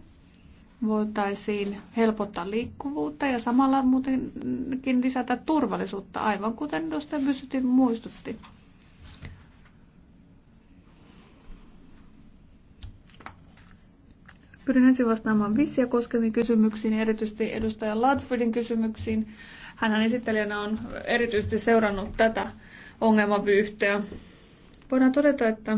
voitaisiin helpottaa liikkuvuutta ja samalla muutenkin lisätä turvallisuutta, aivan kuten edustaja Bysytin muistutti. Pyrin ensin vastaamaan vissiä koskeviin kysymyksiin, erityisesti edustaja Ladfordin kysymyksiin. Hänhän esittelijänä on erityisesti seurannut tätä ongelmavyyhteä. Voidaan todeta, että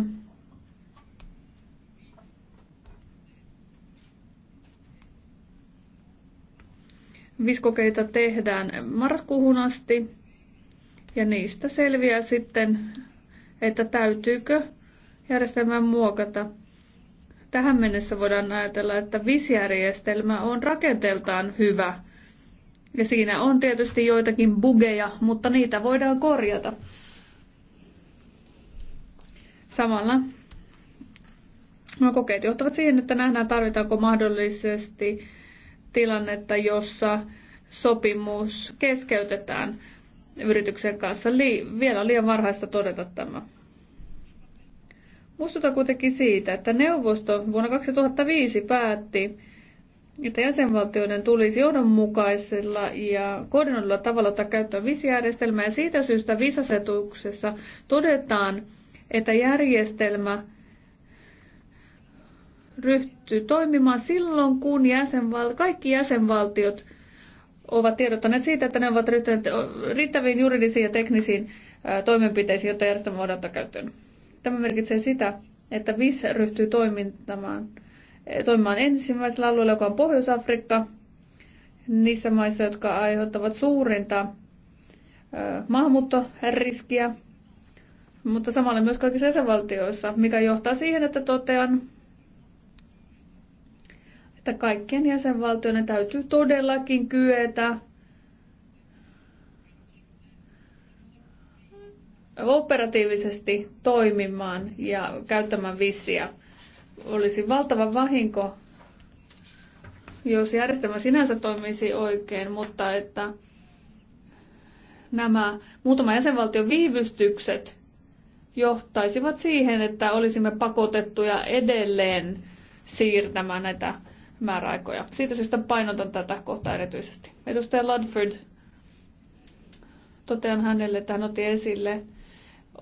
viskokeita tehdään marraskuuhun asti ja niistä selviää sitten, että täytyykö järjestelmää muokata Tähän mennessä voidaan ajatella, että visjärjestelmä on rakenteeltaan hyvä. Ja siinä on tietysti joitakin bugeja, mutta niitä voidaan korjata. Samalla no, kokeet johtavat siihen, että nähdään tarvitaanko mahdollisesti tilannetta, jossa sopimus keskeytetään yrityksen kanssa. Li- vielä liian varhaista todeta tämä. Muistutan kuitenkin siitä, että neuvosto vuonna 2005 päätti, että jäsenvaltioiden tulisi johdonmukaisella ja koordinoidulla tavalla ottaa käyttöön visijärjestelmää. siitä syystä visasetuksessa todetaan, että järjestelmä ryhtyy toimimaan silloin, kun jäsenval- kaikki jäsenvaltiot ovat tiedottaneet siitä, että ne ovat ryhtyneet riittäviin juridisiin ja teknisiin toimenpiteisiin, jotta järjestelmä voidaan ottaa käyttöön. Tämä merkitsee sitä, että VIS ryhtyy toimintamaan, eh, toimimaan ensimmäisellä alueella, joka on Pohjois-Afrikka, niissä maissa, jotka aiheuttavat suurinta eh, maahanmuuttoriskiä, mutta samalla myös kaikissa jäsenvaltioissa, mikä johtaa siihen, että totean, että kaikkien jäsenvaltioiden täytyy todellakin kyetä operatiivisesti toimimaan ja käyttämään vissiä. Olisi valtava vahinko, jos järjestelmä sinänsä toimisi oikein, mutta että nämä muutama jäsenvaltion viivystykset johtaisivat siihen, että olisimme pakotettuja edelleen siirtämään näitä määräaikoja. Siitä syystä painotan tätä kohtaa erityisesti. Edustaja Ludford, totean hänelle, että hän otti esille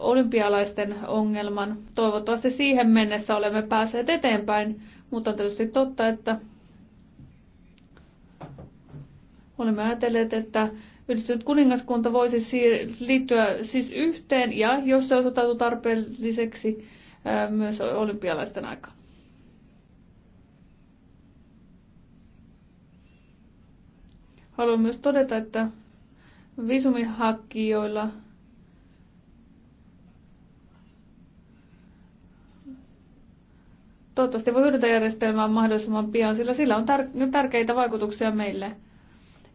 olympialaisten ongelman. Toivottavasti siihen mennessä olemme päässeet eteenpäin, mutta on tietysti totta, että olemme ajatelleet, että yhdistynyt kuningaskunta voisi liittyä siis yhteen ja jos se osoittautuu tarpeelliseksi myös olympialaisten aikaan. Haluan myös todeta, että visumihakijoilla – Toivottavasti voi hyödyntää järjestelmää mahdollisimman pian, sillä sillä on tär- tärkeitä vaikutuksia meille.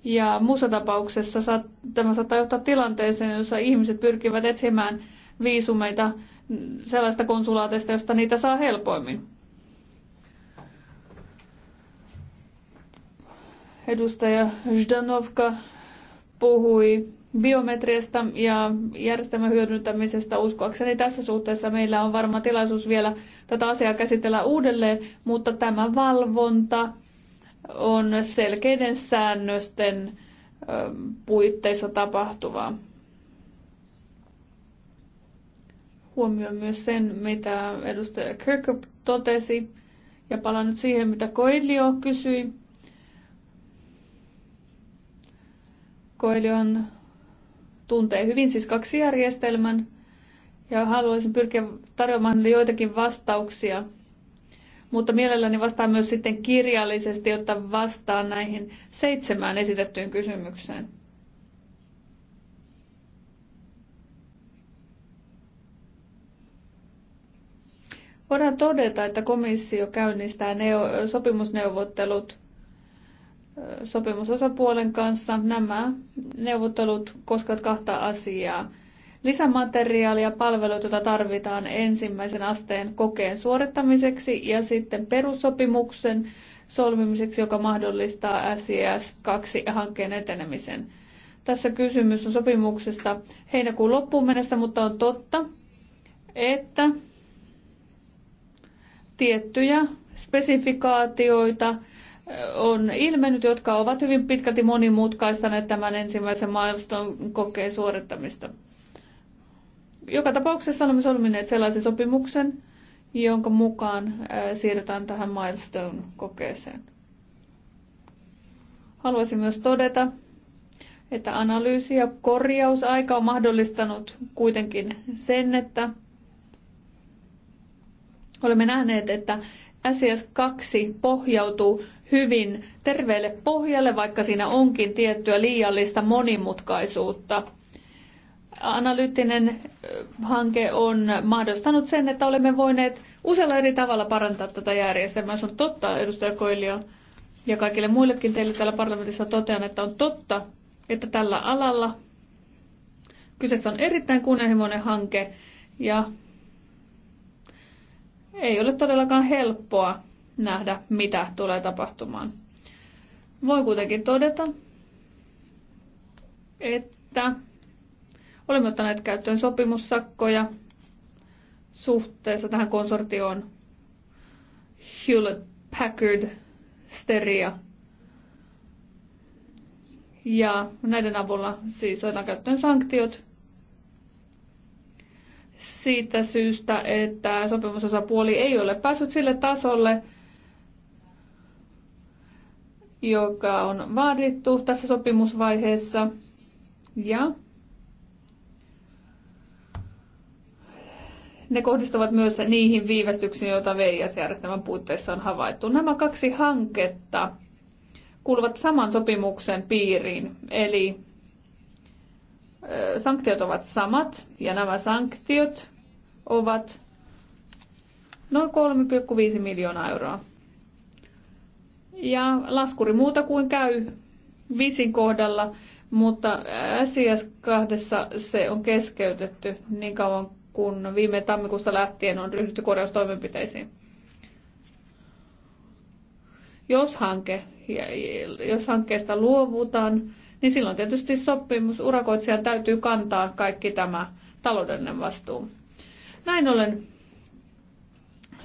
Ja muussa tapauksessa saat, tämä saattaa johtaa tilanteeseen, jossa ihmiset pyrkivät etsimään viisumeita mm, sellaista konsulaateista, josta niitä saa helpoimmin. Edustaja Zdanovka puhui biometriasta ja järjestelmän hyödyntämisestä. Uskoakseni tässä suhteessa meillä on varmaan tilaisuus vielä tätä asiaa käsitellä uudelleen, mutta tämä valvonta on selkeiden säännösten puitteissa tapahtuvaa. Huomioon myös sen, mitä edustaja Kirkup totesi, ja palaan nyt siihen, mitä Koilio kysyi. on tuntee hyvin siis kaksi järjestelmän ja haluaisin pyrkiä tarjoamaan joitakin vastauksia. Mutta mielelläni vastaan myös sitten kirjallisesti, jotta vastaan näihin seitsemään esitettyyn kysymykseen. Voidaan todeta, että komissio käynnistää sopimusneuvottelut sopimusosapuolen kanssa. Nämä neuvottelut koskevat kahta asiaa. Lisämateriaalia ja palveluita, joita tarvitaan ensimmäisen asteen kokeen suorittamiseksi ja sitten perussopimuksen solmimiseksi, joka mahdollistaa SIS 2-hankkeen etenemisen. Tässä kysymys on sopimuksesta heinäkuun loppuun mennessä, mutta on totta, että tiettyjä spesifikaatioita on ilmennyt, jotka ovat hyvin pitkälti monimutkaistaneet tämän ensimmäisen maailmaston kokeen suorittamista. Joka tapauksessa olemme solmineet sellaisen sopimuksen, jonka mukaan siirrytään tähän milestone-kokeeseen. Haluaisin myös todeta, että analyysi ja korjausaika on mahdollistanut kuitenkin sen, että olemme nähneet, että SES2 pohjautuu hyvin terveelle pohjalle, vaikka siinä onkin tiettyä liiallista monimutkaisuutta. Analyyttinen äh, hanke on mahdollistanut sen, että olemme voineet usealla eri tavalla parantaa tätä järjestelmää. Se on totta, edustaja Koilio, ja kaikille muillekin teille täällä parlamentissa totean, että on totta, että tällä alalla kyseessä on erittäin kunnianhimoinen hanke ja ei ole todellakaan helppoa nähdä, mitä tulee tapahtumaan. Voi kuitenkin todeta, että olemme ottaneet käyttöön sopimussakkoja suhteessa tähän konsortioon Hewlett Packard Steria. Ja näiden avulla siis otetaan käyttöön sanktiot siitä syystä, että sopimusosapuoli ei ole päässyt sille tasolle, joka on vaadittu tässä sopimusvaiheessa. Ja ne kohdistuvat myös niihin viivästyksiin, joita VIS-järjestelmän puitteissa on havaittu. Nämä kaksi hanketta kuuluvat saman sopimuksen piiriin, eli sanktiot ovat samat, ja nämä sanktiot ovat noin 3,5 miljoonaa euroa ja laskuri muuta kuin käy visin kohdalla, mutta SIS kahdessa se on keskeytetty niin kauan kun viime tammikuusta lähtien on ryhdytty korjaustoimenpiteisiin. Jos, hanke, jos hankkeesta luovutaan, niin silloin tietysti sopimus urakoitsijan täytyy kantaa kaikki tämä taloudellinen vastuu. Näin ollen,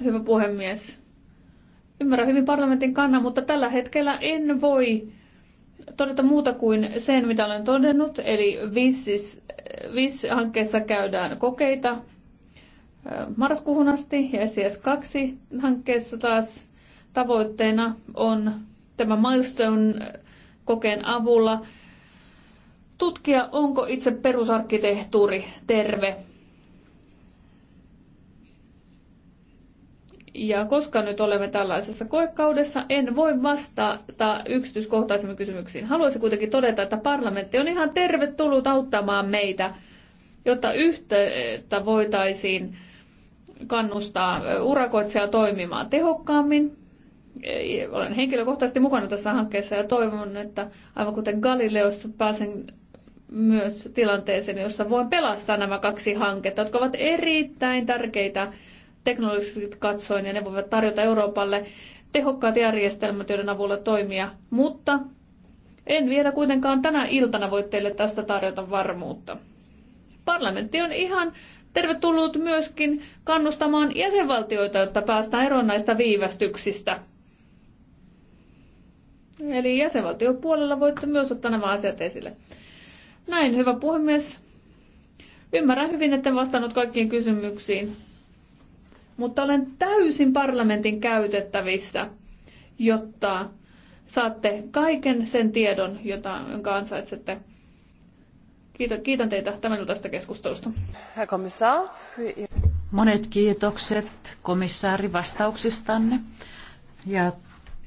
hyvä puhemies, Ymmärrän hyvin parlamentin kannan, mutta tällä hetkellä en voi todeta muuta kuin sen, mitä olen todennut. Eli VIS-hankkeessa käydään kokeita marraskuuhun asti ja SES2-hankkeessa taas tavoitteena on tämä milestone-kokeen avulla tutkia, onko itse perusarkkitehtuuri terve Ja koska nyt olemme tällaisessa koekaudessa, en voi vastata yksityiskohtaisemmin kysymyksiin. Haluaisin kuitenkin todeta, että parlamentti on ihan tervetullut auttamaan meitä, jotta yhteyttä voitaisiin kannustaa urakoitsijaa toimimaan tehokkaammin. Olen henkilökohtaisesti mukana tässä hankkeessa ja toivon, että aivan kuten Galileossa pääsen myös tilanteeseen, jossa voin pelastaa nämä kaksi hanketta, jotka ovat erittäin tärkeitä teknologisesti katsoen, ja ne voivat tarjota Euroopalle tehokkaat järjestelmät, joiden avulla toimia. Mutta en vielä kuitenkaan tänä iltana voi teille tästä tarjota varmuutta. Parlamentti on ihan tervetullut myöskin kannustamaan jäsenvaltioita, jotta päästään eroon näistä viivästyksistä. Eli jäsenvaltion puolella voitte myös ottaa nämä asiat esille. Näin, hyvä puhemies. Ymmärrän hyvin, että vastannut kaikkiin kysymyksiin mutta olen täysin parlamentin käytettävissä, jotta saatte kaiken sen tiedon, jota, jonka ansaitsette. Kiitän, kiitän teitä tämän tästä keskustelusta. Monet kiitokset komissaari vastauksistanne. Ja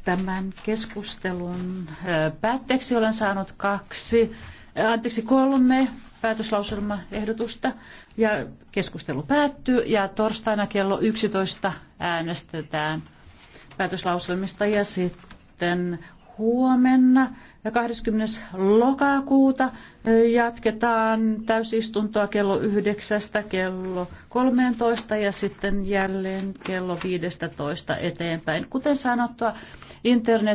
tämän keskustelun äh, päätteeksi olen saanut kaksi, äh, anteeksi kolme päätöslauselmaehdotusta ja keskustelu päättyy ja torstaina kello 11 äänestetään päätöslauselmista ja sitten huomenna ja 20. lokakuuta jatketaan täysistuntoa kello 9 kello 13 ja sitten jälleen kello 15 eteenpäin. Kuten sanottua, internet